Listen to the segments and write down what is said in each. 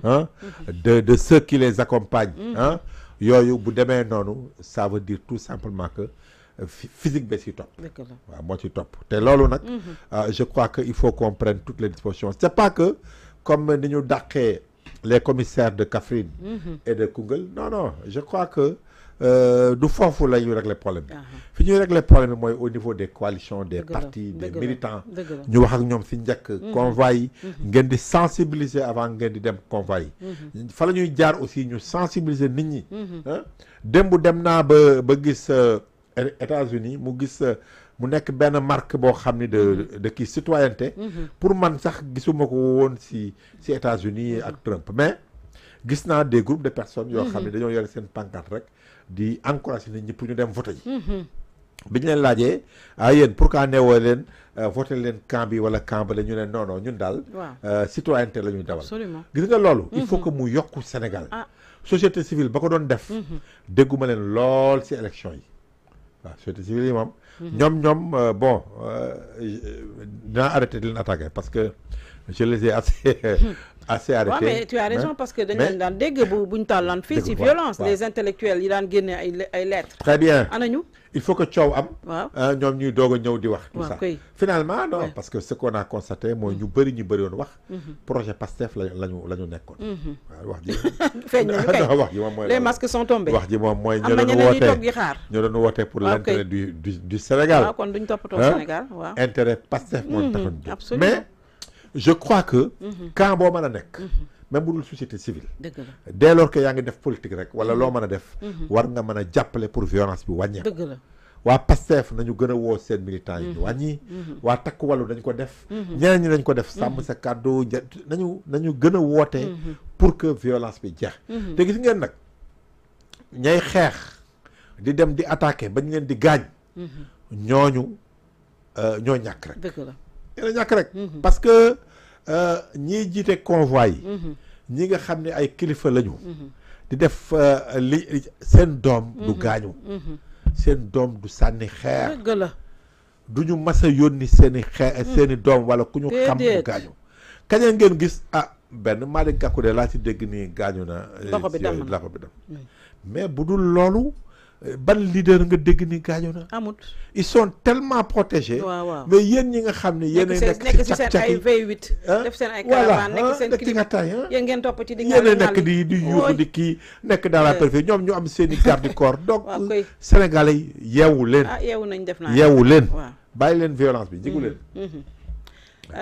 Mm-hmm. Hein? Mm-hmm. de ceux qui les accompagnent mm-hmm. hein? ça veut dire tout simplement que euh, physique est ci Moi je crois qu'il faut qu'on prenne toutes les dispositions c'est pas que comme nous avons les commissaires de Kafrine et de Kungel. non non je crois que du vous la ñuy régler problème fi ñu régler problème moy au niveau des coalitions des partis des militants ñu wax ak ñom si njëkk mm-hmm. convoi mm-hmm. ngeen di sensibiliser avant ngeen di dem convoi mm-hmm. fa la jaar aussi ñu sensibiliser nit ñi hein? démb dem n'a ba ba gis euh, États-Unis mu gis euh, mu nek ben marque bo xamni de de kii citoyenneté pour man sax gisuma ko woon si États-Unis ak Trump mais gis naa des groupes de personnes yoo xam ne mhm. dañoo yore seen pancarte rek di encourager nit ñi pour ñu dem voter yi mhm. bi ñu leen laajee ah yéen pourquoi neewoo leen euh, voté leen camp bi wala camp ba ñu ne non non ñun daal. waaw euh, citoyenneté la ñuy dawal. gis nga loolu. il faut mhm. que mu yokku Sénégal. Ah. société civile ba ko doon def. dégguma leen lool ci élection yi. waaw société civile yi moom. ñoom ñoom euh, bon dinaa arrêté di leen attaqué parce que je les ai assez, euh, arrêtés. Oui, mais tu as raison, parce que dans des bu violence. les intellectuels ils lettres. très bien il faut que tu aies un finalement non parce que ce qu'on a constaté c'est que mhm. projet PASTEF les masques sont tombés. pour ah, l'intérêt du du du Sénégal. Ah, hein? intérêt PASTEF mhm. mais je crois que. quand mhm. boo mën a nekk. Mhm. même bu dul société civile. dès lors que yaa ngi def politique rek wala mhm. lo meuna def. war nga meuna a pour violence bi wàññeeku. dëgg la waa PASTEF nañu gëna wo sen militant yi. ñu wa waa takku wàllu dañ ko def. ñeneen ñi dañ ko def sàmm sa cadeau nañu nañu gëna woté pour que violence bi jeex. te gis ngeen nak ñay xex di dem di attaquer bañ leen di gañ ñooñu euh, ñoo ñak rek. dëgg la. yéen a ñàkk rek. Mhm. parce que euh, ñiy jiite convoi yi. Mhm. ñi nga xam ne ay kilifa lañu. Mhm. di def euh, li seen doom. du gaañu. seen doom du sànni xeer. dëgg du ñu mas a yónni seen i xeer seen doom wala ku ñu xam du gaañu. kañ ngeen gis ah benn Malick Gakou de laa ci dégg nii gaañu na. loxo bi dem mais bu dul loolu. ban leader nga dégg ni gaañu na. amut ils sont tellement protégés. wow, wow. mais yeen ñi nga xamni yeen ay a ci sen ay V8. def sen ay caravane nekk ah, seen climat yeen ah. ngeen top ci di. yéen a nek di di yuuf di ki nek dans la eh. périphérie ñom ñu am seen garde corps. donc sénégalais yewu leen. ah yeewu nañ def na yeewu leen. bàyyi leen violence bi jigu mm-hmm, leen. Mm-hmm.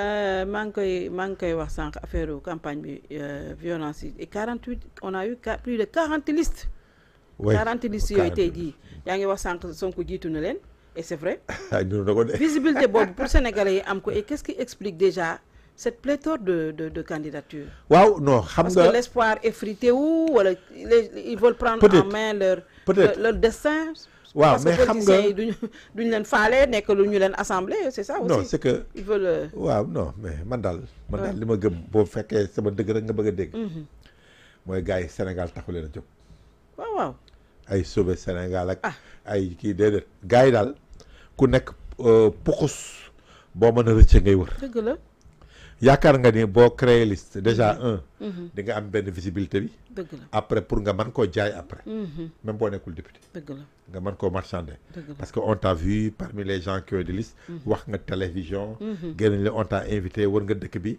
euh mang koy mang koy wax sank affaire campagne bi euh, violence et 48 on a eu plus de 40 listes. 40 listes yooyu tey jii yaa ngi wax sànq Sonko jiitu na leen et c'est vrai visibilité bobu pour sénégalais yi am ko et qu'est-ce qui explique déjà cette pléthore de de de candidatures waaw non xam nga parce que l'espoir effrité ou wala ils veulent prendre en main leur leur destin waaw mais xam nga parce que duñ duñ leen faale lu ñu leen assemblée c'est ça aussi non c'est que ils veulent euh, waaw non mais man dal man dal lima gëm bo fekkee sama dëgg rek nga bëgg dégg moy mhm. gaay Sénégal taxu leen a waaw waaw ay sauver Sénégal ak ah. ay kii déedéet gars yi daal ku nekk euh, pukus boo mën a rëcce ngay wër dëgg la yaakaar nga ni boo créé liste déjà mhm. un mhm. di nga am benn visibilité bi dëgg après pour nga mën koo jaay après mhm. même boo nekkul député dëgg la nga man koo marchander parce que on t'a vu parmi les gens qui ont wax nga télévision génn la on t'a invité wër nga dëkk bi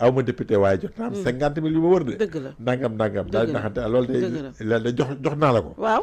aw ma député waaye jot naa am hmm. cinquante mille yu ma wër de. dëgg la ndangam nangam daal di naxante loolu de. jox jox naa la ko. waaw.